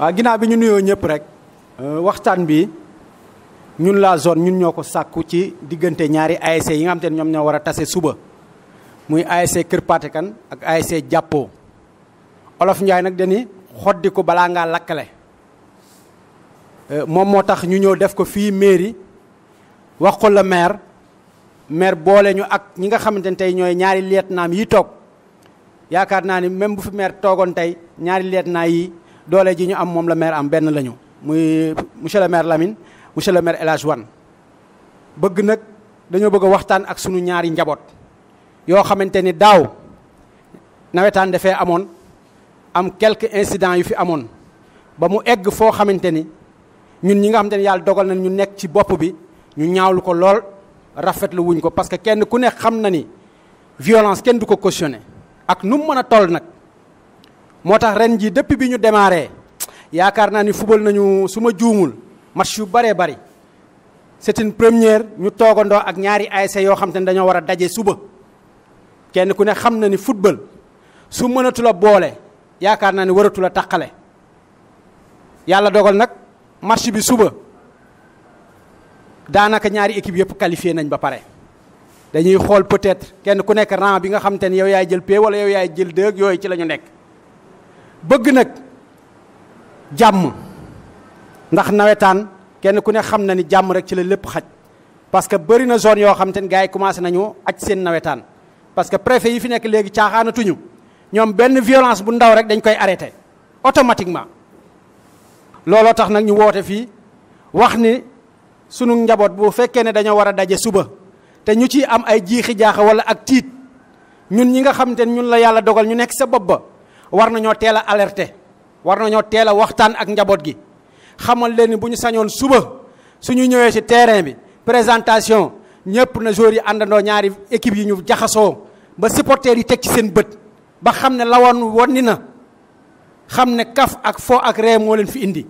waa ginnaaw bi ñu nuyoo ñëpp rek euh, waxtaan bi ñun la zone ñun ñoo ko sàkku ci diggante ñaari ASC yi nga xam ñoom ñoo war a tase suba muy ASC Kër Patekan ak ASC Jàppoo Olof Njaay nag dañuy xoddi ko balaa ngaa lakkale euh, moom moo tax ñu ñëw def ko fii mairie wax ko la maire maire boole ñu ak ñi nga xamante ne tey ñooy ñaari leet lieutenant yi toog yaakaar naa ni même bu fi maire toogoon tey ñaari lieutenant yi doole ji ñu am moom la maire am benn lañu muy monsieur le maire Lamine monsieur le maire elage Wan bëgg nag dañoo bëgg a waxtaan ak sunu ñaari njaboot yoo xamante ni daaw nawetaan dafee amoon am quelques incidents yu fi amoon ba mu egg foo xamante ni ñun ñi nga xamante ni yàlla dogal na ñu nekk ci bopp bi ñu ñaawlu ko lool rafetlu wuñ ko parce que kenn ku ne xam na ni violence kenn du ko cautionné ak nu mu mën a toll nag. moo rendi, ren ji depuis ya ñu démarré yaakaar naa ni fubal nañu su ma juumul match yu bare bari c' est une première ñu toogandoo ak ñaari ASC yoo xam te ne dañoo daje suba kenn ku ne xam na ni football su mënatu la boole yaakaar naa ni waratu la taqale yàlla dogal nag match bi suba daanaka ñaari équipe yëpp qualifié nañ ba pare dañuy xool peut être kenn ku nekk rang bi nga xam te ne yow yaay jël P wala yow yaay jël deux yooyu ci la ñu nekk bëgg nag jàmm ndax nawetaan kenn ku ne xam na ni jàmm rek ci la lépp xaj parce que bëri na zone yoo xam te gaa gars yi commencé nañu aj seen nawetaan parce que préfet yi fi nekk léegi caaxaanatuñu ñoom benn violence bu ndaw rek dañ koy arrêté automatiquement looloo tax nag ñu woote fii wax ni sunu njaboot bu fekkee ne dañoo war a daje suba te ñu ciy am ay jiixi jaaxa wala ak tiit ñun ñi nga xam te ñun la yàlla dogal ñu nekk sa bopp ba war nañoo teel a alerter war nañoo teel a waxtaan ak njaboot gi xamal leen ni bu ñu sañoon suba su ñu ñëwee ci terrain bi présentation ñëpp na joueurs yi àndandoo ñaari équipe yi ñu jaxasoo ba supporters yi teg ci seen bët ba xam ne la woon lawoon ni na xam ne kaf ak fo ak ree moo leen fi indi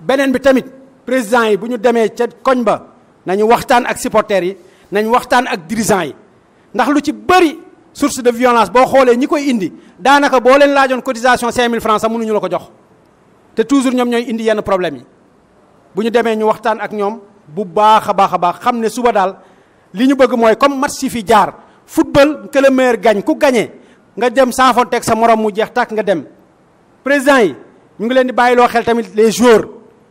beneen bi tamit président yi bu ñu demee ca koñ ba nañu waxtaan ak supporters yi nañ waxtaan ak dirigeants yi ndax lu ci bëri source de violence bo xolé ñi koy indi daanaka bo leen laajoon cotisation 5000 francs sax ñu la ko jox té toujours ñom ñoy indi yenn problème yi bu ñu demee ñu waxtaan ak ñom bu baax a baax xamné suba dal li ñu bëgg moy comme match yi fi jaar football que le meilleur gagne ku gagné nga dem saafonteeg sa morom mu jeex tak nga dem président yi ñu ngi leen di bayilo xel tamit les joueurs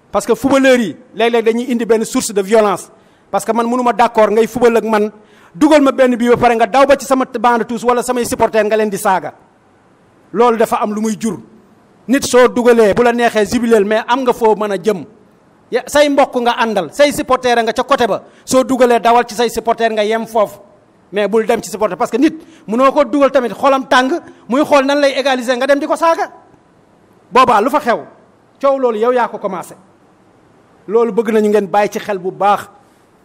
parce que footballeurs yi léeg-léeg dañuy indi ben source de violence parce que man mënuma d'accord ngay football ak man dugal ma benn bi ba pare nga daw ba ci sama bande tous wala samay supporter nga leen di dafa am lu muy jur nit so dugalee bu la neexee zibileel mais am nga foo mën a jëm ya, say mbokk nga àndal say supporter nga ca côté ba soo dugalee dawal ci say supporter nga yem foofu mais bul dem ci supporter parce que nit mënoo ko dugal tamit xolam tang muy xool nan lay égaliser nga dem di ko saaga boobaa lu fa xew coow loolu yow yaa ko bëgg nañu ngeen ci xel bu baax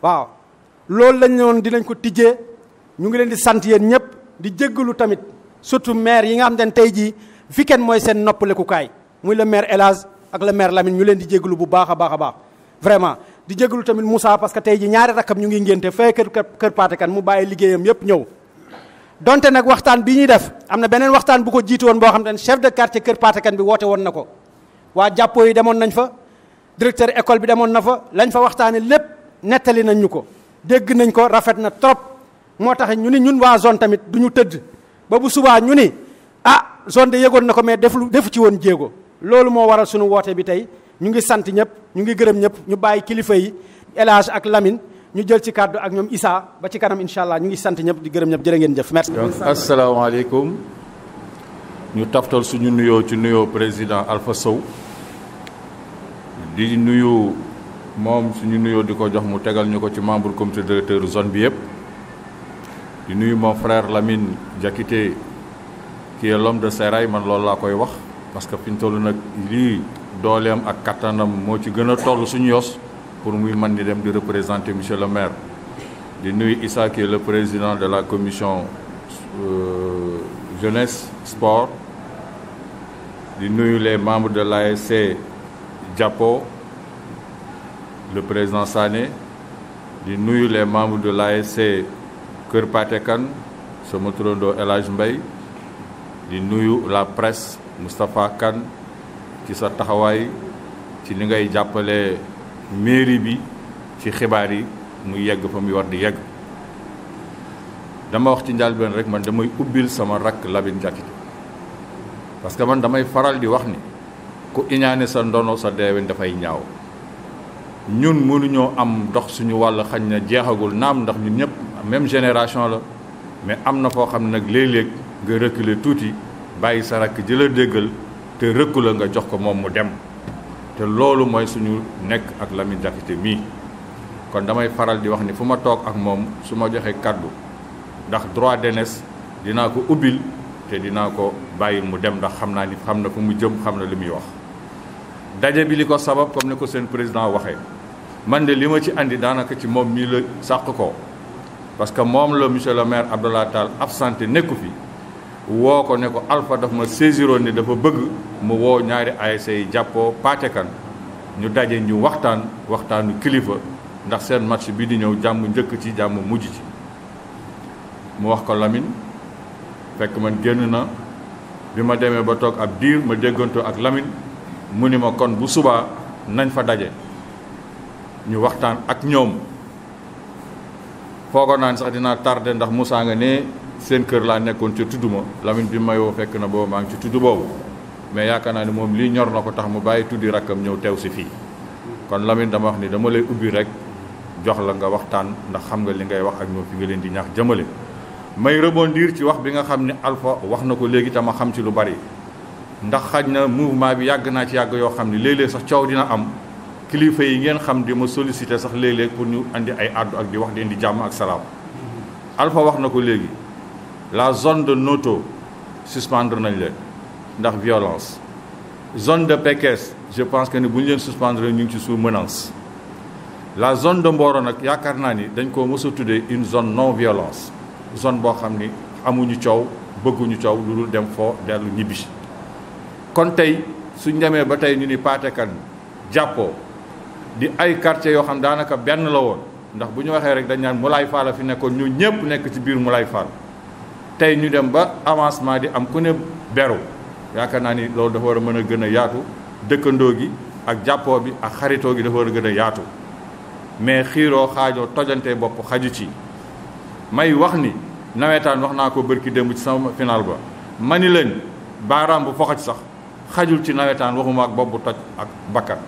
waaw loolu lañ noon dinañ ko tijjee ñu ngi leen di sant yéen ñëpp di jéggalu tamit surtout maire yi nga xam ne tey jii weekend mooy seen noppalekukaay muy le maire El ak le maire Lamine ñu leen di jéggalu bu baax a baax a baax vraiment di jéggalu tamit Moussa parce que tey ji ñaari rakkam ñu ngi ngénte fee kër kër Paate Kan mu bàyyi liggéeyam yëpp ñëw donte nag waxtaan bi ñuy def am na beneen waxtaan bu ko jiitu woon boo xam ne chef de quartier kër Paate Kan bi woote woon ko waa jàppoo yi demoon nañ fa directeur école bi demoon na fa lañ fa waxtaane lépp nettali nañ ñu ko dégg nañ ko rafet na trop moo tax ñu ni ñun waa zone tamit du ñu tëdd ba bu subaa ñu ni ah zone de yëgoon na ko mais deful defu ci woon jéego loolu moo waral suñu woote bi tey ñu ngi sant ñëpp ñu ngi gërëm ñëpp ñu bàyyi kilifa yi El ak Lamine ñu jël ci kàddu ak ñoom Issa ba ci kanam incha allah ñu ngi sant ñëpp di gërëm ñëpp jërë ngeen jëf merci. donc asalaamaaleykum ñu taftal suñu nuyoo ci nuyoo président Alpha Sow nuyu. moom suñu nuyoo di ko jox mu tegal ñu ko ci membre comité directeur zone bi yëpp di nuyu mon frère Lamine Diakité qui est l'homme de seray man loolu laa koy wax parce que fi ñu toll nag lii dooleem ak kattanam moo ci gën a toll suñu yos pour muy man di dem di représenter monsieur le maire di nuyu isa qui est le président de la commission euh, jeunesse sport di nuyu les membres de l'ASC Diapo le président Sané di nuyu les membres de l'ASC Kër Patekan sama turandoo El Hadj Mbaye di nuyu la presse Mustafakan, Kane ci sa taxawaay ci ni ngay jàppale mairie bi ci xibaar yi mu yegg fa muy war di yegg dama wax ci njàlbeen rek man damay ubbil sama rak Lamine Diakité parce que man damay faral di wax ni ku iñaane sa ndono sa deewin dafay ñaaw ñun mënuñoo am dox suñu wàll xañ na jeexagul naam ndax ñun ñëpp même génération la mais am na foo xam ne nag léeg-léeg nga reculer tuuti bàyyi sa rakk ji la déggal te rëkku la nga jox ko moom mu dem te loolu mooy suñu nekk ak Lamine Diakhaté mii kon damay faral di wax ni fu ma toog ak moom su ma joxee kàddu ndax droit d'aînesse dinaa ko ubbil te dinaa ko bàyyil mu dem ndax xam naa ni xam na fu mu jëm xam na li muy wax daje bi li ko sabab comme ne ko seen président waxee man de li ma ci indi daanaka ci moom mii la sàq ko parce que moom la monsieur le maire ab sante absenté nekku fi woo ko ne ko Alpha daf ma saisiroon ni dafa bëgg mu woo ñaari ASC yi jàppoo paatekan ñu daje ñu waxtaan waxtaanu kilifa ndax seen match bi di ñëw jàmm njëkk ci jàmm mujj ci mu wax ko lamin fekk man génn na bi ma demee ba toog ab diir ma déggantoo ak Lamine mu ni ma kon bu subaa nañ fa daje ñu waxtaan ak ñoom foogoon naa sax dinaa tardé ndax Moussa nga ne seen kër laa nekkoon ca tudd ma Lamine bi mayoo fekk na boobu maa ngi ci tudd boobu mais yaakaar naa ne moom lii ñor na ko tax mu bàyyi tuddi rakkam ñëw teew si fii kon Lamine dama wax ni dama lay ubbi rek jox la nga waxtaan ndax xam nga li ngay wax ak ñoom fi nga leen di ñaax jëmale may rebondir ci wax bi nga xam ne Alpha wax na ko léegi tama xam ci lu bari ndax xaj na mouvement bi yàgg naa ci yàgg yoo xam ne léeg-léeg sax coow dina am kilifa yi ngeen xam di ma sollicité sax léeg-léeg pour ñu indi ay àddu ak di wax di jàmm ak salaam Alpha wax na ko léegi la zone de Noto suspendre nañ leen ndax violence zone de Pekes je pense que ni bu ñu leen suspendre ñu ngi ci sous menace la zone de Mboro nag yaakaar naa ni dañ koo mësa tuddee une zone non violence zone boo xam ni amuñu coow bëgguñu coow lu dul dem foo dellu ñibbi kon tey suñ demee ba tey ñu ni Paate Kane jàppoo di ay quartiers yoo xam daanaka benn la woon ndax bu ñu waxee rek dañ naan Moulay Fall fi nekkoon ñu ñëpp nekk ci biir Moulay Fall tey ñu dem ba avancement di am ku ne beru yaakaar naa ni loolu dafa war a mën a gën a yaatu dëkkandoo gi ak jàppoo bi ak xaritoo gi dafa war a gën a yaatu mais xiiroo xaajoo tojante bopp xaju ci may wax ni nawetaan wax naa ko bër ki démb ci sama final ba ma ni leen baaraam bu foxaj sax xajul ci nawetaan waxuma ak bopp bu toj ak bakkan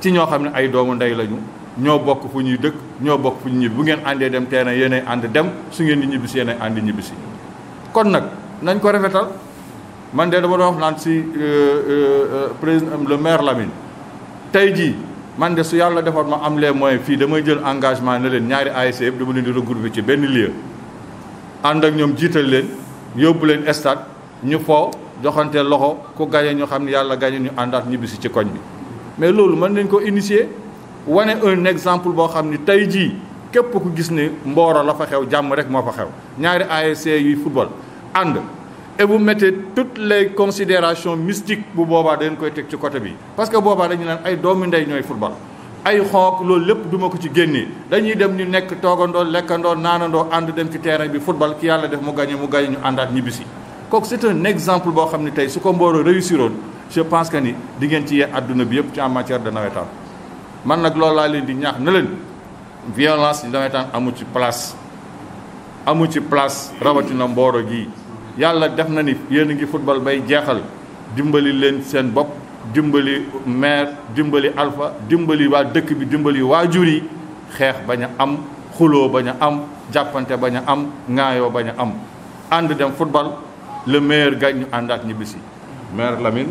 ci ñoo xam ne ay doomu ndey lañu ñoo bokk fu ñuy dëkk ñoo bokk fu ñuy ñibbi bu ngeen àndee dem teena yeneen ànd dem su ngeen di ñibbi si yéenay ànd kon nag nañ ko rafetal man de dama doon wax naan si euh, euh, euh, président le maire Lamine tey jii man de su yàlla defoon ma am les moyens fii damay jël engagement ne leen ñaari ASC e yëpp di regroupé ci benn lieu ànd ak ñoom jiital leen yóbbu leen stade ñu foo joxante loxo ku gañe ñu xam ne yàlla gañe ñu àndaat ñibbisi ci koñ bi mais loolu mën nañ ko initier wane un exemple boo xam ni tey jii képp ku gis ne Mboro la fa xew jàmm rek moo fa xew ñaari ASC yuy football ànd et vous mettez toutes les considérations mystiques bu boobaa dañ koy teg ci côté bi parce que boobaa dañu naan ay doomi ndey ñooy football ay xonk loolu lépp duma ko ci génnee dañuy dem ñu nekk toogandoo lekkandoo naanandoo ànd dem ci terrain bi football ki yàlla def mu gagné mu gagné ñu àndaat ñibbisi kooku c'est un exemple boo xam ne tey su ko Mboro réussiroon je pense que ni di ngeen ci yee àdduna bi yëpp ci en matière de nawetaan man nag loolu laa leen di ñaax na leen violence yi nawetaan amu ci place amu ci place def na ni ngi football bay jeexal dimbali leen seen bopp dimbali maire dimbali alpha dimbali waa dëkk bi dimbali wa juri xeex bañ am xuloo bañ am jàppante bañ a am ŋaayoo bañ am ànd dem football le meilleur gagne ñu mer ñibbisi maire lamine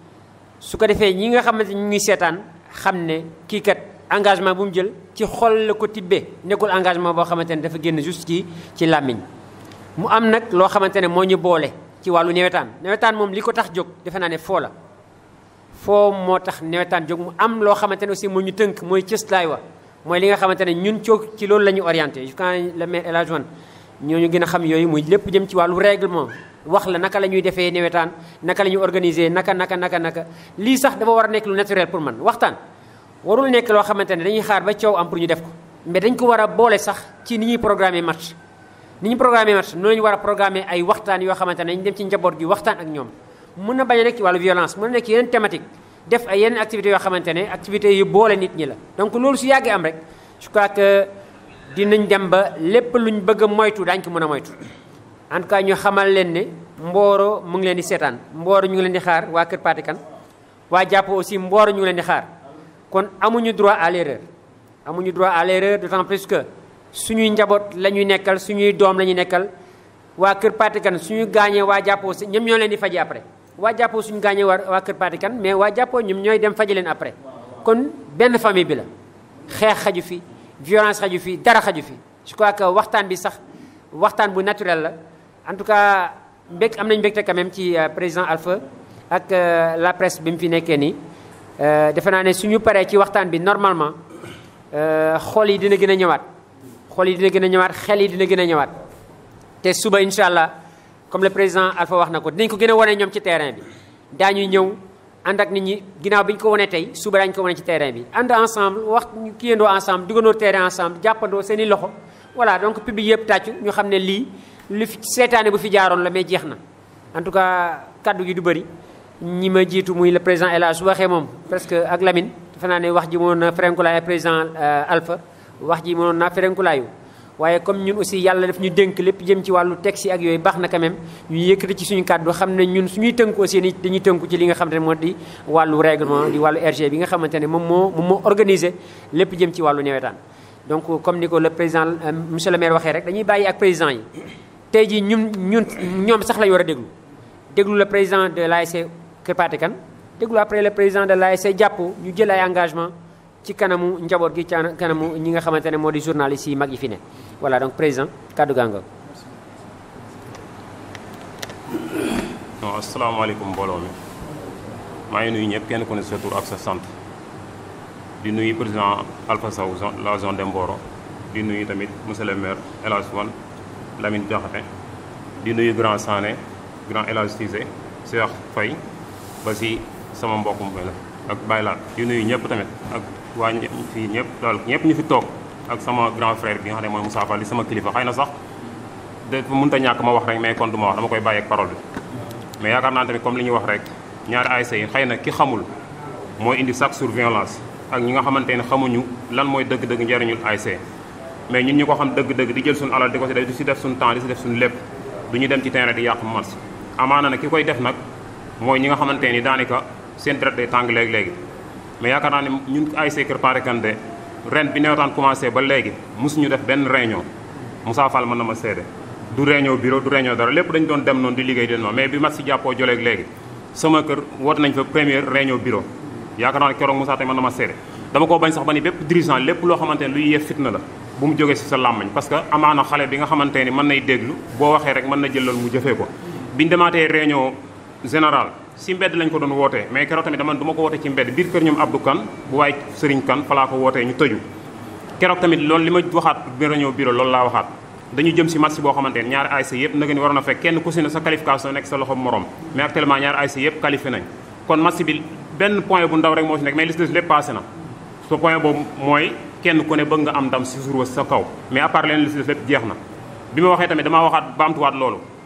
su ko defee ñi nga xamante ñu ngi seetaan xam ne kii kat engagement bu mu jël ci xol la ko nekkul engagement boo xamante ne dafa génn juste ci ci làmmiñ mu am nag loo xamante ne moo ñu boole ci wàllu nawetaan moom li tax jóg defe naa ne foo la foo moo tax jóg mu am loo xamante aussi moo ñu tënk mooy cëslaay wa mooy li nga xamante ne ñun coog ci loolu la orienté le maire El ñooñu gën a xam yooyu muy lépp jëm ci wàllu règlement wax la naka la ñuy defee newetaan naka la ñuy organiser naka naka naka naka lii sax dafa war a nekk lu naturel pour man waxtaan warul nekk loo xamante ne dañuy xaar ba coow am pour ñu def ko mais dañ ko war a boole sax ci ni ñuy programmer match ni ñu programmer match noonu lañu war a programmer ay waxtaan yoo xamante ne dañ dem ci njaboot gi waxtaan ak ñoom mën na bañ a nekk ci wàllu violence mën na nekk yeneen thématique def ay ne activités yu boole nit ñi la donc dinañ dem ba lépp lu luñ bëgg a moytu daañ ko mën a moytu en tout ñu xamal leen ne mbooro mu ngi leen di seetaan mbooro ñu ngi leen di xaar waa Kër Paate waa jàppoo aussi mbooro ñu ngi leen di xaar kon amuñu droit à l'erreur amuñu droit à l'erreur d'autant plus que suñuy njaboot la ñuy nekkal suñuy doom la ñuy nekkal waa Kër Paate Kan suñu gaañee waa jàppoo si ñoom ñoo leen di faji après waa jàppoo suñu gaañee waa waa Kër Paate mais waa jàppoo ñoom ñooy dem faji leen après kon benn famille bi la xeex xaju fi violence xaju fi dara je crois que bi naturel en tout cas mbég am nañ quand même euh, président Alpha ak euh, la presse bi mu fi euh, ne suñu paré ci waxtaan bi normalement xol yi dina gëna ñëwaat yi dina ñëwaat yi dina comme le président Alpha wax na ko ko ànd ak nit ñi ginnaaw bi ñu ko wane tey suba dañu ko wane ci terrain bi ànd ensemble wax ñu kiyandoo ensemble duggandoo terrain ensemble jàppandoo seen i loxo voilà donc public yëpp tàccu ñu xam ne lii li fi seetaane bu fi jaaroon la mais jeex na en tout cas kaddu gi du bëri ñi ma jiitu muy le président El su waxee moom presque ak Lamine defe naa ne wax ji mënoon na ferenkulaayu président euh, Alpha wax ji mënoon na ferenkulaayu waye comme ñun aussi yalla def ñu dénk lépp jëm ci walu texte ak yoy baxna na quand même ñu yëkkati ci suñu kàddu xam ñun suñuy tënku aussi ni dañuy tënku ci li nga xamante ne moo di wàllu règlement di walu RG bi nga xamante ne mo moo moom moo organisé lépp jëm ci walu nawetaan donc comme niko le président euh, monsieur le maire waxé rek dañuy bayyi ak président yi tay ji ñun ñun ñom sax lañu war déglu déglu le président de l'ASC Kër déglu après le président de l'ASC Japo ñu jël ay engagement ci kanamu njaboot gi ci kanamu ñi nga xamante ne moo di journaliste yi mag yi fi ne voilà donc président kàddu gaa nga non asalaamaaleykum mbooloo mi maa ngi nuyu ñëpp kenn ko ne sa tur ak sa sant di nuyu président Alpha Sow la zone de mbooro di nuyu tamit monsieur le maire El Hadj Wan Lamine Diakhaté di nuyu grand Sané grand El Hadj Cissé Cheikh ba si sama mbokkum la ak Baye Laat di nuyu ñëpp tamit ak waa fii ñëpp daal ñëpp ñu fi toog ak sama grand frère bi nga xam ne mooy Moussa Fall sama kilifa xëy na sax dafa mënut a ñàkk ma wax rek mais kon du ma wax dama koy bàyyi ak parole bi. mais yaakaar naa tamit comme li ñuy wax rek ñaari ASC yi xëy na ki xamul mooy indi chaque jour violence ak ñi nga xamante ne xamuñu lan mooy dëgg-dëgg njëriñul ASC. mais ñun ñu ko xam dëgg-dëgg di jël suñu alal di ko si def di si def suñu temps di si def suñu lépp du ñu dem ci di yàq match amaana nag ki koy def nag mooy seen deret day tàng léegi-léegi mais yaakaar naa ne ñun ASC Kër Paate Kante ren bi nawetaan commencé ba léegi ñu def benn réunion Moussa Fall mën na ma seede du réunion bureau du réunion dara lépp dañu doon dem noonu di liggéey di noonu mais bi mat si jàppoo joleeg léegi sama kër woote nañ fa première réunion bureau yaakaar naa ne keroog Moussa tey mën na ma seede dama ko bañ sax ba ni bépp dirigeant lépp loo xamante ne luy yee fitna la bu mu jógee si sa làmmañ parce xale bi nga xamante ni mën nay déglu boo waxee rek mën na jël loolu mu jëfee ko biñ demaatee réunion générale si mbedd lañ ko doon wootee mais keroog tamit dama ma ko wootee ci mbedd biir kër ñoom Abdou Kane bu waay Serigne Kane laa ko wootee ñu tëju keroog tamit loolu li ma waxaat réunion bureau loolu laa waxaat dañu jëm si match boo xamante ne ñaari ASC yëpp na nga ni waroon a fekk kenn ku si ne sa qualification nekk sa loxo morom mais actuellement ñaari ASC yëpp qualifié nañ kon match bi benn point bu ndaw rek moo si nekk mais li si des lépp passé na so ku ne bëgg nga am ndam si jour sa kaw mais à leen li jeex na bi ma waxee tamit damaa waxaat baamtuwaat loolu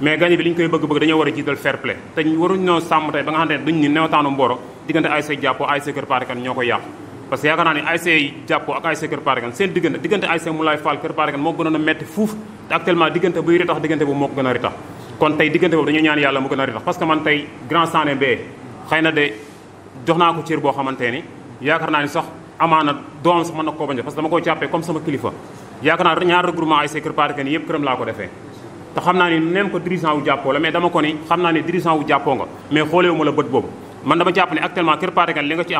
mais gagné bi li ñu koy bëgg-bëgg dañoo war a jiital fair play te waruñ noo sàmm tey ba nga xam ne duñ ni neewtaanu Mboro diggante ASC Jàppo ASC Kër Paare Kane ñoo ko yàq parce que yaakaar naa ne ASC Jàppo ak ASC Kër Paare Kane seen diggante diggante ASC Moulay Fall Kër Paare Kane moo gënoon a metti fuuf te actuellement diggante buy ritax diggante bu moo ko gën a ritax kon tey diggante boobu dañoo ñaan yàlla mu gën a ritax parce que man tey grand sané bee xëy na de jox naa ko cër boo xamante ni yaakaar naa ni sax amaana doom sax mën na koo bañ parce que dama koy jàppee comme sama kilifa yaakaar naa ñaar regroupement ASC Kër Paare Kane yëpp këram laa ko defee te xam naa ne neen ko dirigeant wu jàppoo la mais dama ko ni xam naa ne dirigeant wu jàppoo nga mais xooleewuma la bët boobu man dama jàpp ne actuellement kër Patekan li ko fi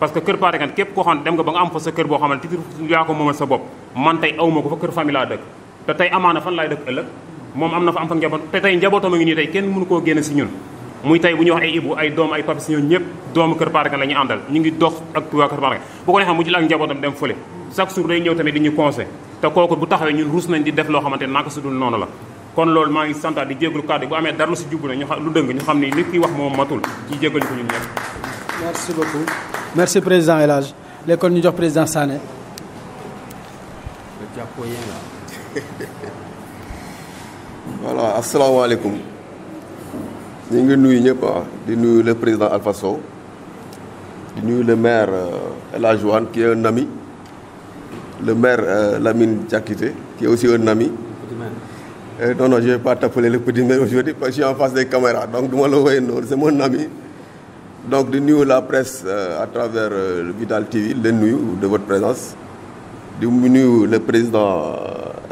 parce que kër Patekan képp koo xam ne dem nga ba nga am fa sa kër boo xam ne titre yaa ko moomal sa bopp man tey awma ko fa kër famille laa dëkk te tey amaana fan laay dëkk ëllëg moom am na fa am fa njaboot te tey njabootam a ngi nii tey kenn mënu koo génn si ñun muy tey bu ñu wax ay ibu ay doom ay papi si ñun ngi dox ak waa kër Patekan bu ko neexee ñu conseil te kooku bu taxawee ñun ruus nañ di def loo xamante naka su dul noonu la kon loolu maa ngi santaat di jégalu kàddu bu amee dara lu si jubbu na ñu lu dëng ñu xam ni li ki wax moom matul ci jégalu ko ñun ñëpp. merci beaucoup merci président El Hadj léegi ñu jox président Sané. voilà asalaamaaleykum ñu ngi nuyu ñëpp ah. di nuyu le président Alpha Sow di nuyu le maire euh, El Hadj qui est un ami le maire euh, Lamine Diakité, qui est aussi un ami. Euh, non, je ne vais pas t'appeler le petit maire aujourd'hui parce que je suis en face des caméras. Donc, c'est mon ami. Donc, de nous, la presse, euh, à travers le Vital TV, de nous, de votre présence. De nous, le président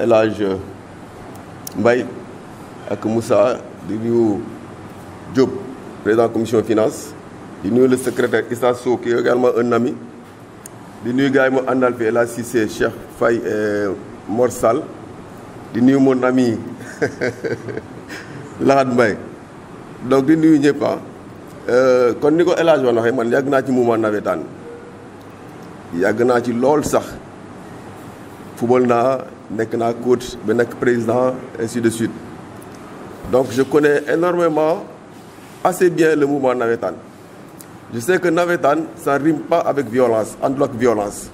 Elage Mbaye, avec Moussa, de nous, Diop, président de la commission des finances. De nous, le secrétaire Issa qui est également un ami di nuyu gars yi mu àndal fi El Hadj Cissé Cheikh Faye eh, Mor Sall di nuyu mon ami Lahad Mbaye donc di nuyu ñëpp ah. euh, kon ni ko El Hadj woon waxee man yàgg naa ci mouvement navétane yàgg naa ci lool sax football naa nekk naa coach ba nekk président ainsi de suite donc je connais énormément assez bien le mouvement navétane je sais que Navetan, ça rime pas avec violence en ak violence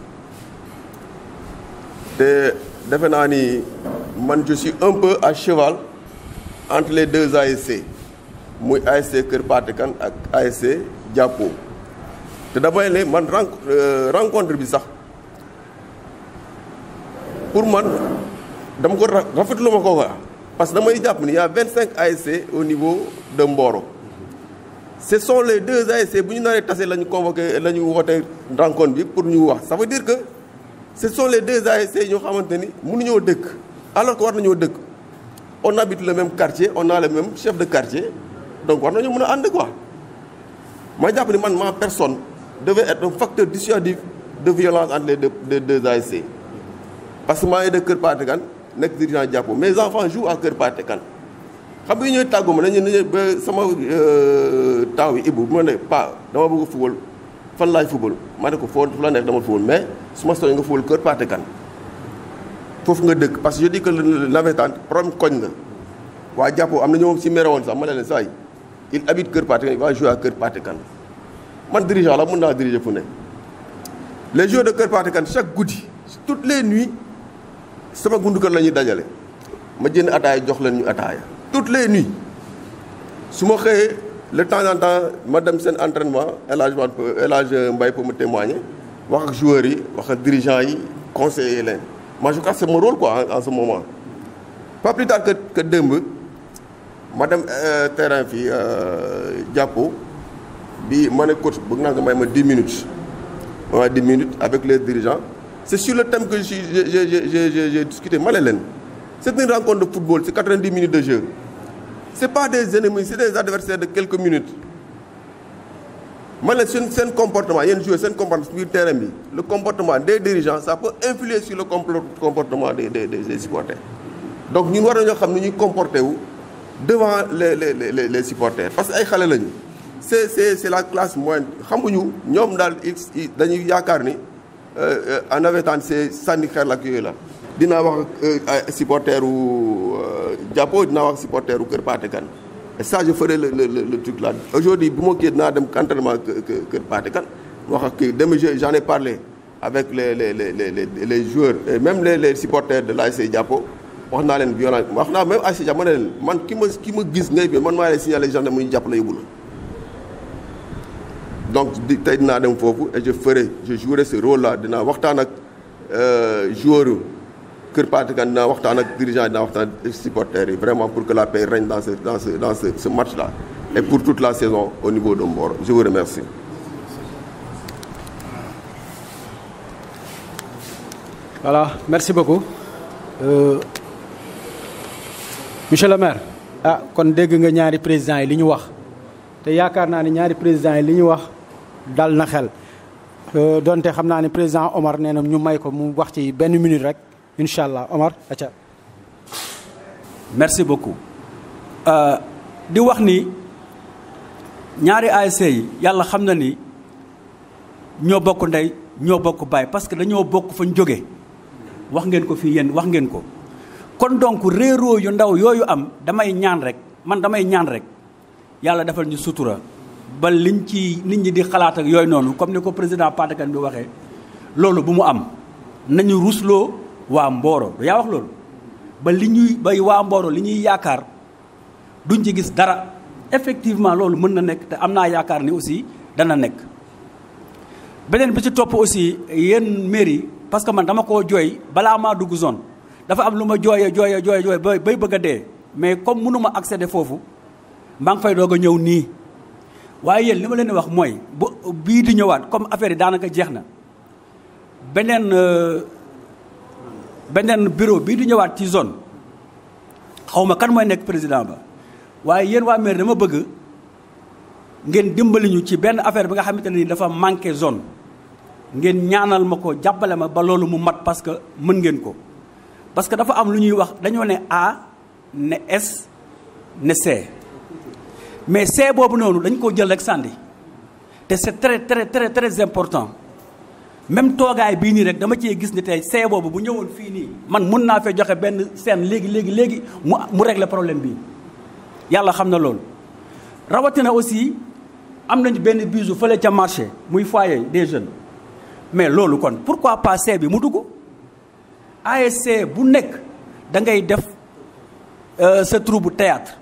de je suis un peu à cheval entre les deux ASC Moi, ASC Kër et ASC Diapo. te d'abord, rencontre euh, rencontre bi pour moi, pas ko parce que damay il y a 25 ASC au niveau de Mboro ce sont les deux ASC qui ont été convoqués et qui convoqué été rencontrés pour nous voir. ça veut dire que ce sont les deux ASC qui ont été rencontrés alors que war nous on habite le même quartier on a le même chef de quartier donc war nañoo mën a ànd quoi ma jàpp ni ma personne devait être un facteur dissuasif de violence entre les deux les ASC parce que je suis de Kër je suis dirigeant mes enfants jouent à Cœur xam nga ñooy tàggu ma ba sama e, temps yi ibu bu ne pa dama bëgg football fan laay football ma ne ko foo fu la neex dama football mais su ma nga football kër paate kan foofu nga dëkk parce que je dis que navetaan problème koñ la waa jàppoo am na ñoom si mere woon sax ma leen saa il habite kër paate kan il va à kan man dirigeant la mën naa diriger fu ne les joueurs de kan chaque toutes les nuits sama gundu ma jënd jox leen ñu toutes les nuits su ma xëyee le temps en temps Madame Sen seen entraînement elle a joué pour me témoigner Je ak joueurs yi wax ak dirigeants yi conseiller moi je crois que c'est mon rôle quoi hein, en ce moment pas plus tard que que demain, Madame dem euh, terrain fii jàppo euh, bi ma coach je minutes 10 minutes avec les dirigeants c'est sur le thème que j'ai discuté ma c'est une rencontre de football, c'est 90 minutes de jeu. Ce n'est pas des ennemis, c'est des adversaires de quelques minutes. Mais c'est un comportement, il y a un jeu, c'est un comportement sur le terrain. Le comportement des dirigeants, ça peut influer sur le comportement des, des, supporters. Donc, nous devons nous comporter devant les, les, les, les supporters. Parce que les enfants, c'est la classe moyenne. Nous savons qu'ils ont en avait ces que là dina wax euh, ak supporter ou euh, Jàppo dina wax supporter u Kër Paate et ça je ferai le le le truc là aujourd'hui bu ma kii dinaa dem entraînement Kër Paate Kan wax ak j'en ai parlé avec les les les les les joueurs et même les les supporters de l'ASC Jàppo wax naa leen violence wax même ASC Jàppo ma ne leen man qui me ki ma gis ngay bi man gens de mon gendarme ñu jàpp la yóbbu la donc di tey dinaa dem et je ferai je jouerai ce rôle là de waxtaan ak euh, joueur que Pathé dinaa waxtaan ak dirigeant yi dinaa waxtaan supporters vraiment pour que la paix règne dans ce dans ce dans ce ce match là. et pour toute la saison au niveau de Mbor je vous remercie. voilà merci beaucoup. Euh... Michel le maire. ah kon dégg nga ñaari président yi li wax te yaakaar naa ñaari président yi li wax dal na xel euh, donte xam naa président Omar nee na ñu may ko mu wax ci minute rek. inshallah Omar acha merci beaucoup euh di wax ni ñaari ASC yi yalla xam na ni ñoo bokk ndey ñoo bokk bay parce que dañoo bokk fañ jóge wax ngeen ko fii yéen wax ngeen ko kon donc réeroo yu ndaw yooyu am damay ñaan rek man damay ñaan rek defal ñu sutura ba liñ ci nit ñi di xalaat ak comme ni ko président Patakan bi bu mu am nañu ruslo. waa Mboro yaa wax loolu ba li ñuy ba waa Mboro li ñuy yaakaar duñ ci gis dara effectivement loolu mën na nekk te am naa yaakaar ni aussi dana nekk. beneen bi ci topp aussi yéen mairie parce que man dama koo jooy balaa maa dugg zone dafa am lu ma jooyee jooyee jooyee jooy bay bay bëgg a dee mais comme mënuma accéder foofu maa ngi fay doog a ñëw nii. waaye yéen li ma leen di wax mooy bu bii di ñëwaat comme affaire yi daanaka jeex na beneen. Euh, beneen bureau bii du ñëwaat ci zone xaw ma kan mooy nekk président ba waaye yéen waa maire dama bëgg ngeen dimbali ñu ci benn affaire bi nga xamante ne nii dafa manqué zone ngeen ñaanal ma ko jàppale ma ba loolu mu mat parce que mën ngeen ko parce que dafa am lu ñuy wax dañoo ne A ne S ne C mais C boobu noonu dañ koo jël rek sànni te c'est très très très très important même toogaay bii nii rek dama cee gis ni tey see boobu bu ñëwoon fii nii man mun naa fee joxe benn seen léegi léegi léegi mu mu régler problème bi yàlla xam na loolu. rawatina aussi am nañu benn bisu fële ca marché muy foyer des jeunes mais loolu kon pourquoi pas see bi mu dugg ASC bu nekk da ngay def euh, sa troupe théâtre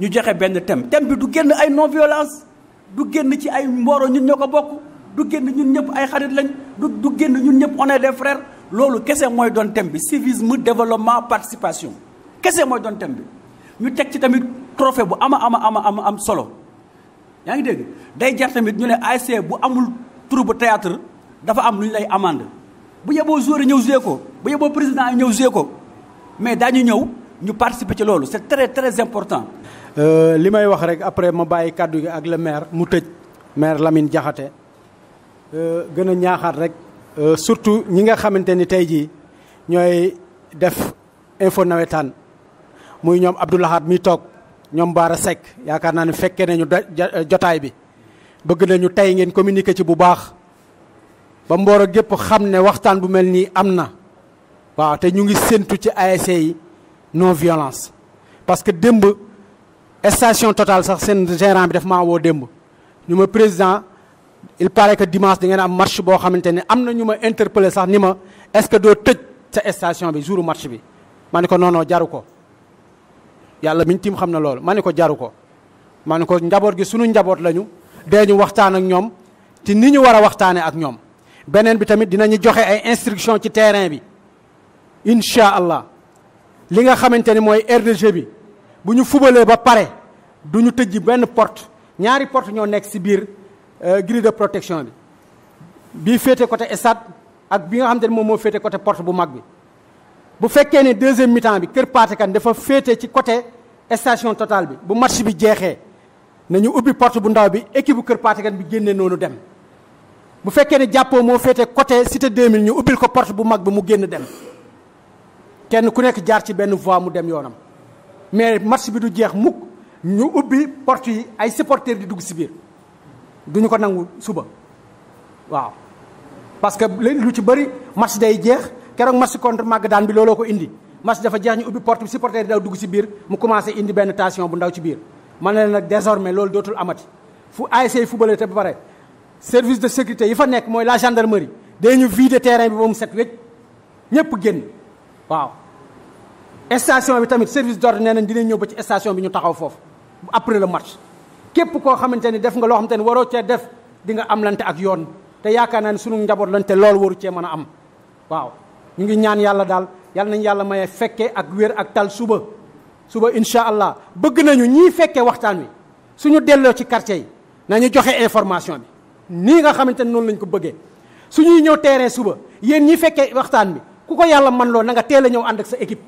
ñu joxe benn thème thème bi du génn ay non violence du génn ci ay mbooro ñun ñoo ko bokk. du génn ñun ñëpp ay xarit lañ du du génn ñun ñëpp on est des frères loolu kese mooy doon thème bi civisme développement participation kese mooy doon thème bi ñu teg ci tamit trophée bu ama ama ama ama am solo yaa ngi dégg day jar tamit ñu ne AC bu amul troupe théâtre dafa am lu ñu lay amande bu yeboo joueur ñëw joué ko bu yeboo président ñëw joué ko mais dañu ñëw ñu participer ci loolu c'est très très important. Euh, li may wax rek après ma bàyyi kàddu gi ak le maire mu tëj maire Lamine Diakhaté Euh, gën a ñaaxaat rek euh, surtout ñi nga xamante ni tey jii ñooy def info nawetaan muy ñoom Abdoulahat mi toog ñoom Baara Seck yaakaar naa ne fekkee nañu euh, jotaay bi bëgg nañu tey ngeen communiquer ci bu baax ba Mboro gépp xam ne waxtaan bu mel nii am na waaw te ñu ngi séntu ci ASC yi non violence parce que démb station Total sax seen gérant bi daf maa woo démb ñu ma président il paraît que dimanche di ngeen am marche boo xamante ne am na ñu ma interpellé sax ni ma est-ce que doo tëj sa station bi jouru marche bi ma ne ko non non jaru ko yàlla miñ tiim xam na loolu ma ne ko jaru ko ma ne ko njaboot gi suñu njaboot lañu dee ñu waxtaan ak ñoom ci ni ñu war a waxtaanee ak ñoom beneen bi tamit dinañu joxe ay instruction ci terrain bi incha allah li nga xamante ni mooy RDG bi bu ñu fubalee ba pare du ñu tëjji benn porte ñaari porte ñoo nekk si biir. Euh, grille de protection bi bii côté stade ak bi nga xamné ne moom côté porte bu mag bi bu ne deuxième mi-temps bi kër ci côté totale bi bu match bi jéxé nañu porte bu ndaw bi équipe kër dem bu ne japo mo fété côté cité 2000 ñu ko porte bu dem kenn ku nekk jaar ci benn voie mu dem yoonam mais match bi du jeex mukk ñu ubbi porte yi ay di dugg si duñu ko nangu suba waaw parce que lu ci bëri match day jeex keroog match contre Magadan bi looloo ko indi match dafa jeex ñu ubbi porte bi supporter yi daw dugg ci biir mu commencé indi benn bu ndaw ci biir man ne nag désormais loolu dootul amati fu ASC footballeur te ba pare service de sécurité yi fa nekk mooy la gendarmerie day ñu vider terrain bi ba mu set wécc ñëpp génn waaw station bi tamit service d'ordre nee nañ dinañ ñëw ba ci station bi ñu taxaw foofu après le match képp koo xamante ni def nga loo xamante ni waroo cee def di nga am lante ak yoon te yaakaar naa ne sunu njaboot lante lool waru cee mën a am waaw ñu ngi ñaan yàlla daal yàlla nañ yàlla maye fekke ak wér ak tal suba suba insha allah bëgg nañu ñii fekkee waxtaan wi suñu delloo ci quartier yi nañu joxe information bi nii nga xamante ni noonu lañ ko bëggee suñuy ñëw terrain suba yéen ñi fekkee waxtaan bi ku ko yàlla man loo na nga teel a ñëw ànd ak sa équipe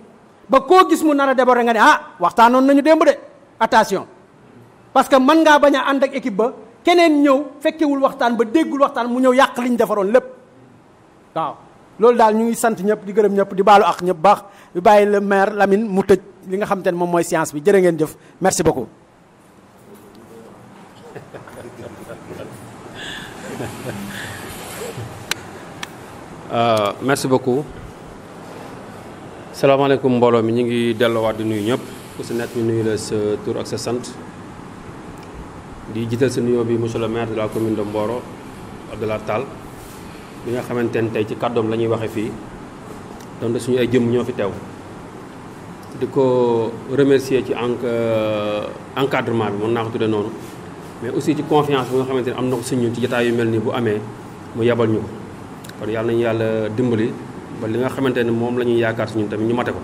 ba koo gis mu nar a nga ne ah waxtaanoon nañu démb de attention parce que man ngaa bañ a ànd ak équipe ba keneen ñëw fekkewul waxtaan ba déggul waxtaan mu ñëw yàq liñ defaroon lépp waaw loolu daal ñu ngi sant ñëpp di gërëm ñëpp di baalu ak ñëpp baax di bàyyi le maire lamine mu tëj li nga xam te ne moom mooy science bi jërë ngeen jëf merci beaucoup Uh, merci beaucoup salaamaaleykum mbooloo mi ñu ngi delloowaat di nuyu ñëpp ku si nekk ñu nuyu la sa tur ak sa sant di jiital sa nuyoo bi monsieur le maire de la commune de Mboro Abdallah Tall bi nga xamante ne tey ci kàddoom la ñuy waxe fii donte suñu ay jëmm ñoo fi teew di ko remercier ci en euh, encadrement bi mën naa ko tuddee noonu mais aussi ci confiance bi nga xamante am na suñu ci jotaay yu mel bu amee mu yabal ñu ko kon yàlla nañu yàlla dimbali ba li nga xamante ne moom la ñuy yaakaar suñu tamit ñu mate ko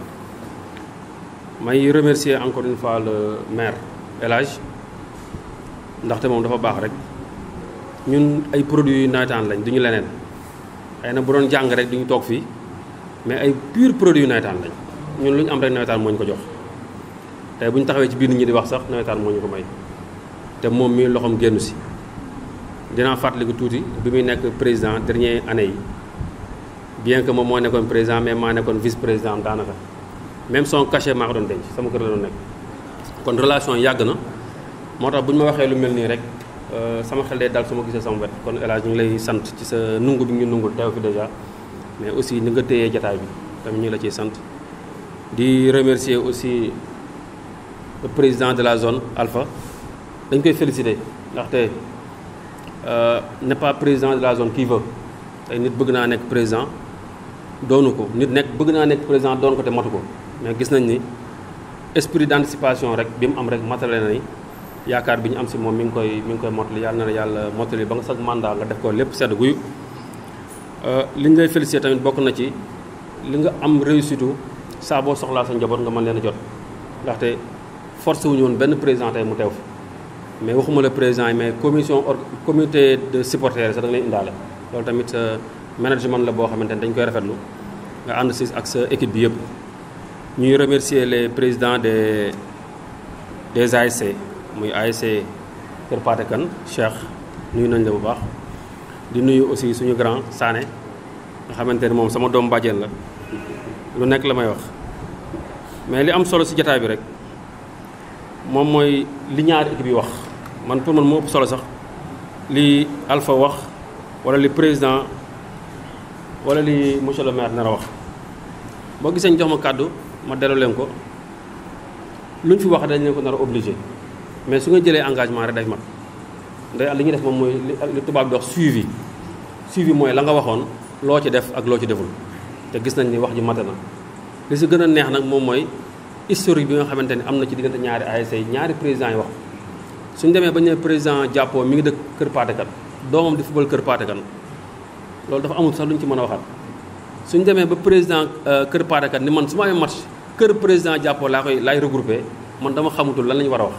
may remercier encore une fois le maire El ndaxte moom dafa baax rek ñun ay produits yu nawetaan lañ du leneen xëy na bu doon jàng rek du ñu toog fii mais ay pur produit yu nawetaan lañ ñun lu ñu am rek nawetaan moo ñu ko jox te bu ñu taxawee ci biir nit ñi di wax sax nawetaan moo ñu ko may te moom mii loxoom génn si dinaa fàttaliku tuuti bi muy nekk président dernier année yi bien que moom moo nekkoon président mais maa nekkoon vice président daanaka même son cachet maa ko doon denc sama kër la doon nekk kon yàgg na moo buñ ma waxé lu melni rek euh sama xel day dal su ma sama wet kon elage ñu lay sant ci sa nungu bi ñu nungu taw fi déjà mais aussi ni nga téyee jataay bi tam ñu la ci sant di remercier aussi le président de la zone Alpha dañ koy féliciter euh n'est pas président de la zone qui veut tay nit bëgg na nek président doonuko nit nek bëgg na nek président doon ko té matuko mais gis nañ ni esprit d'anticipation rek bi mu am rek matale na ni yaakaar bi ñu am si moom mi ngi koy mi ngi koy mottali yàlla na la yàlla mottali ba nga sax mandat nga def ko lépp sedd guyu euh, li ñu lay félicité tamit bokk na ci li nga am réussite saa boo soxlaa sa njaboot nga mën leen a jot ndaxte forcé wuñu woon benn président tey mu teew fi mais waxuma le président mais commission or comité de supporters sax da nga leen indaale loolu tamit euh, management la boo xamante ne dañ koy rafetlu nga ànd si ak sa équipe bi yëpp ñuy remercier les présidents des des ASC muy ASC Kër Paate Kan Cheikh nuyu nañ la bu baax di nuyu aussi suñu grand Sané nga xamante ne moom sama doom bàjjen la lu nekk la may wax mais li am solo si jataay bi rek moom mooy li ñaari équipe bi wax man pour man moo ëpp solo sax li Alpha wax walla li président walla li monsieur le maire nar wax boo gisee ñu jox ma kàddu ma delloo leen ko luñ fi wax dañ leen ko nara a obligé mais su nga jëlee engagement rek day mat day li ñuy def moom mooy li tubaab di wax suivi suivi mooy la nga waxoon loo ci def ak loo ci deful te gis nañ ni wax ji mate na li si gën a neex nag moom mooy historique bi nga xamante ni am na ci diggante ñaari ASC ñaari président yi wax suñu demee ba ñu président jàppoo mi ngi dëkk Kër Paatekan doomam di football Kër Paatekan loolu dafa amul sax lu ñu ci mën a waxaat suñu demee ba président euh, Kër Paatekan ni man su ma amee match kër président jàppoo laa koy laay regroupé man dama xamutul lan la war a wax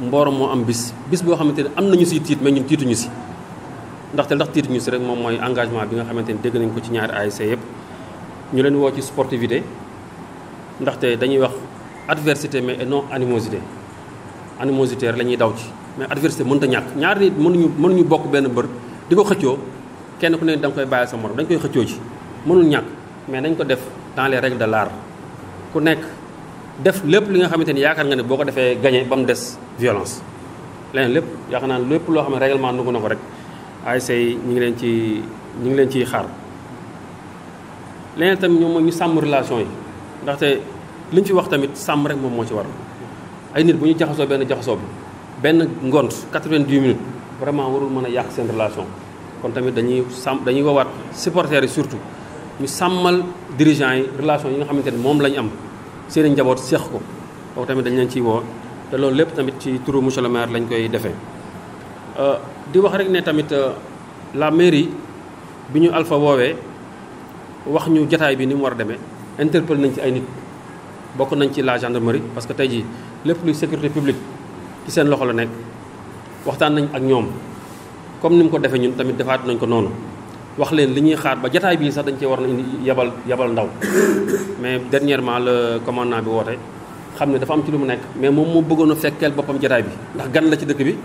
mbooro moo am bis bis boo xamante ne am nañu si tiit mais ñun tiituñu si ndaxte ndax ñu si rek moom mooy engagement bi nga xamante ne dégg nañ ko ci ñaari ASC yëpp ñu leen woo ci sportivité ndaxte dañuy wax adversité mais non animosité animosité rek la ñuy daw ci mais adversité mënut a ñàkk ñaari nit mënuñu mënuñu bokk benn bër di ko xëccoo kenn ku ne da koy bàyyi sa morom dañ koy xëccoo ci mënul ñàkk mais nañ ko def dans les règles de def lépp li nga xamante ni yaakaar nga ne boo ko defee gagné ba mu des violence leneen lépp yaakaar naa lépp loo xam ne règlement nangu na ko rek ASC yi ñu ngi leen ci ñu ngi leen ciy xaar leneen tamit ñoom mooy ñu sàmm relation yi ndaxte li ñu wax tamit sàmm rek moom moo ci war ay nit bu ñu jaxasoo benn jaxasoo bi benn ngont 90 minutes vraiment warul mën a yàq seen relation kon tamit dañuy sàmm dañuy woowaat supporters yi surtout ñu sàmmal dirigeants yi relation yi nga xamante ni moom la ñu am seeni njaboot seq ko kooku tamit dañ lañ ciy woo te loolu lépp tamit ci turu monsieur le maire lañ koy defee euh, di wax rek ne tamit euh, la mairie bi ñu Alpha woowee wax ñu jataay bi ni mu war a demee interpellé nañ ci ay nit bokk nañ ci la gendarmerie parce que tey jii lépp lu sécurité publique ci seen loxo la nekk waxtaan nañ ak ñoom comme ni mu ko defee ñun tamit defaat nañ ko noonu wax leen li ñuy xaar ba jataay bii sax dañ cee war na indi yabal yabal ndaw mais dernièrement la commandant bi woote xam ne dafa am ci lu mu nekk mais moom moo bëggoon a fekkeel boppam jataay bi ndax gan la ci dëkk bi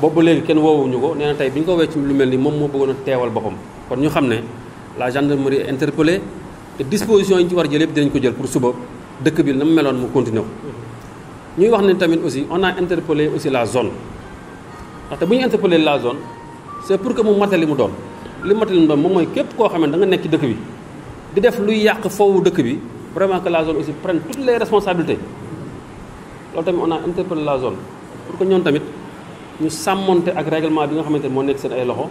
boobu léegi kenn woowuñu ko nee tey bi ñu ko wecc lu mel ni moom moo bëggoon teewal boppam kon ñu xam ne la gendarmerie interpellée te disposition yi ñu ci war a jël yëpp dinañ ko jël pour suba dëkk bi na mu meloon mu continuer ñuy wax ne tamit aussi on a interpellé aussi la zone ndaxte bu ñu interpellé la zone c'est pour que mu matali mu doon li matal mbam moom mooy képp koo xam ne da nga nekk dëkk bi di def luy yàq foofu dëkk bi vraiment que la zone aussi prenne toutes les responsabilités loolu tamit on a interpellé la zone pour que ñoom tamit ñu sàmmonte ak règlement bi nga xamante ne moo nekk seen ay loxo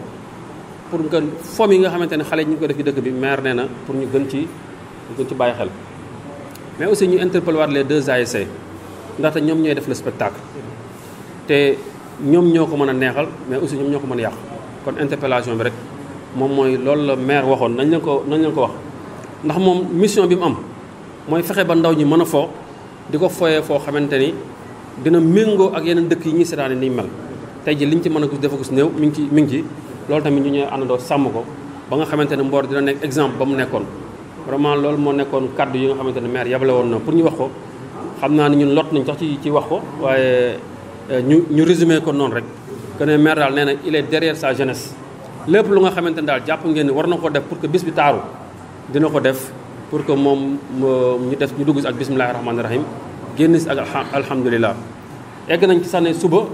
pour nga fomm yi nga xamante ne xale ñu ngi ko def dëkk bi maire nee na pour ñu gën ci ñu gën ci bàyyi xel mais aussi ñu interpellé les deux ASC ndaxte ñoom ñooy def le spectacle te ñoom ñoo ko mën a neexal mais aussi ñoom ñoo ko mën a yàq kon interpellation bi rek moom mooy loolu la maire waxoon nañu leen ko nañ leen ko wax ndax moom mission bi mu am mooy fexe ba ndaw ñi mën a foo di ko fooyee foo xamante ni dina méngoo ak yeneen dëkk yi ñuy seetaane niñ mel tey ji liñ ci mën a gis dafa gis mi ngi ci mi ngi ci loolu tamit ñu ñëw sàmm ko ba nga xamante ne Mbour dina nekk exemple ba mu nekkoon vraiment loolu moo nekkoon kaddu xamante ne maire yabale woon na pour ñu wax ko xam naa ni ñun lot nañ sax ci ci wax ko waaye euh, ñu ñu résumé ko noonu rek que ne maire daal nee na il est derrière sa jeunesse lépp lu nga xamante ni daal jàpp ngeen ni war na ko def pour que bis bi taaru dina ko def pour que moom ñu def ñu dugg si ak bisimilahi rahmaani rahim génn si ak alhamdulilah. egg nañ ci sànne suba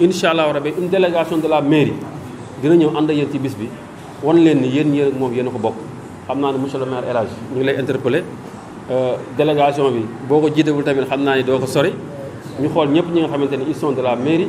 incha allah rabi une délégation de la mairie dina ñëw ànd a yéen ci bis bi wan leen ni yéen yéen moom yéen ko bokk xam naa ne monsieur le maire El Hadj ñu ngi lay interpellé euh, délégation bi boo ko jiitewul tamit xam naa ni doo ko sori ñu xool ñëpp ñi nga xamante ne ils sont de la mairie.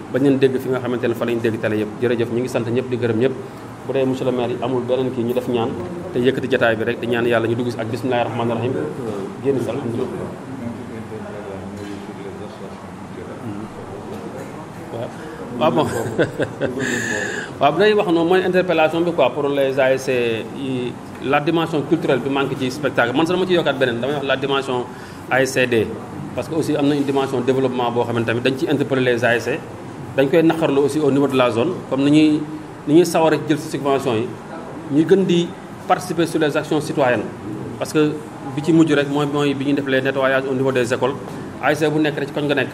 bañ leen dégg fi nga xamante ne fa lañ dégg tale yëpp jërëjëf ñu ngi sant ñëpp di gërëm ñëpp bu dee monsieur le maire yi amul beneen kii ñu def ñaan te yëkkati jataay bi rek di ñaan yàlla ñu dugg si ak bismillahi rahmaani rahim génn si alhamdulilah waaw bon waaw bu day wax noonu mooy interpellation bi quoi pour les ASC la dimension culturelle bi manque ci spectacle man sax dama ci yokkaat beneen damay wax la dimension ASCD parce que aussi am na une développement boo xam ne dañ ci interpeller les ASC dañ koy naqarlu aussi au niveau de la zone comme ni ñuy ni ñuy sawar a jël si subvention yi ñu gën di participer su les actions citoyennes parce que bi ci mujj rek mooy mooy bi ñuy def lee nettoyages au niveau des écoles ASC e bu nekk rek ci koñ nga nekk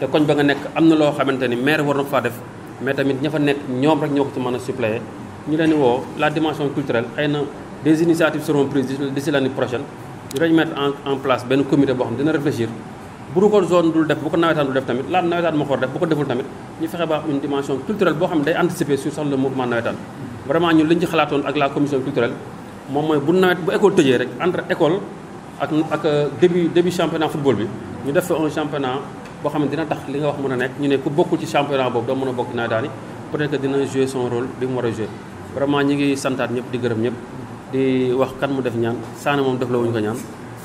te koñ ba nga nekk am na loo xamante ni maire war na faa def mais tamit ña fa nekk ñoom rek ñoo ko ci mën a suppléer ñu leen di woo la dimension culturelle xëy des initiatives seront prises d'ici l'année prochaine benn comité boo xam dina réfléchir bu ko zone dul def bu ko nawetaan dul def tamit laata nawetaan moo ko war def bu ko deful tamit ñu fexe ba am une dimension culturelle boo xam ne day anticiper sur sax le mouvement nawetaan bu nawet euh, bi ñu def fa un championnat boo xam ne dina tax li nga wax mën a nekk ñu ne ku bokkul ci championnat boobu doo mën a bokk nawetaan yi peut-être que dina jouer son rôle bi mu war a jouer vraiment ñi ngi santaat ñëpp di gërëm ñëpp di wax kan mu def ñaan saana moom def la wuñu ko ñaan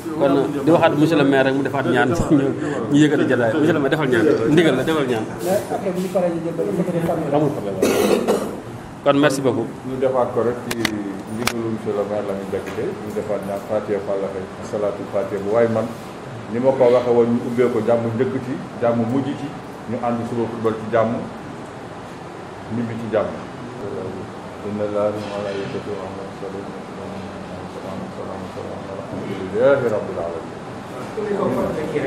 kon di waxaat monsieur le maire rek mu defaat ñaan ñu ñu yëgati jadaay monsieur le maire defal ñaan ndigal la defal ñaan amul problème kon merci beaucoup ñu defaat ko rek ci ndigalu monsieur le maire la ñu dakité ñu defaat ñaan fatiha falla fay salatu fatiha bu way man ni ma ko waxe woon ñu ubbee ko jàmm njëkk ci jàmm mujj ci ñu suba football ci ci 你的事儿不咋多。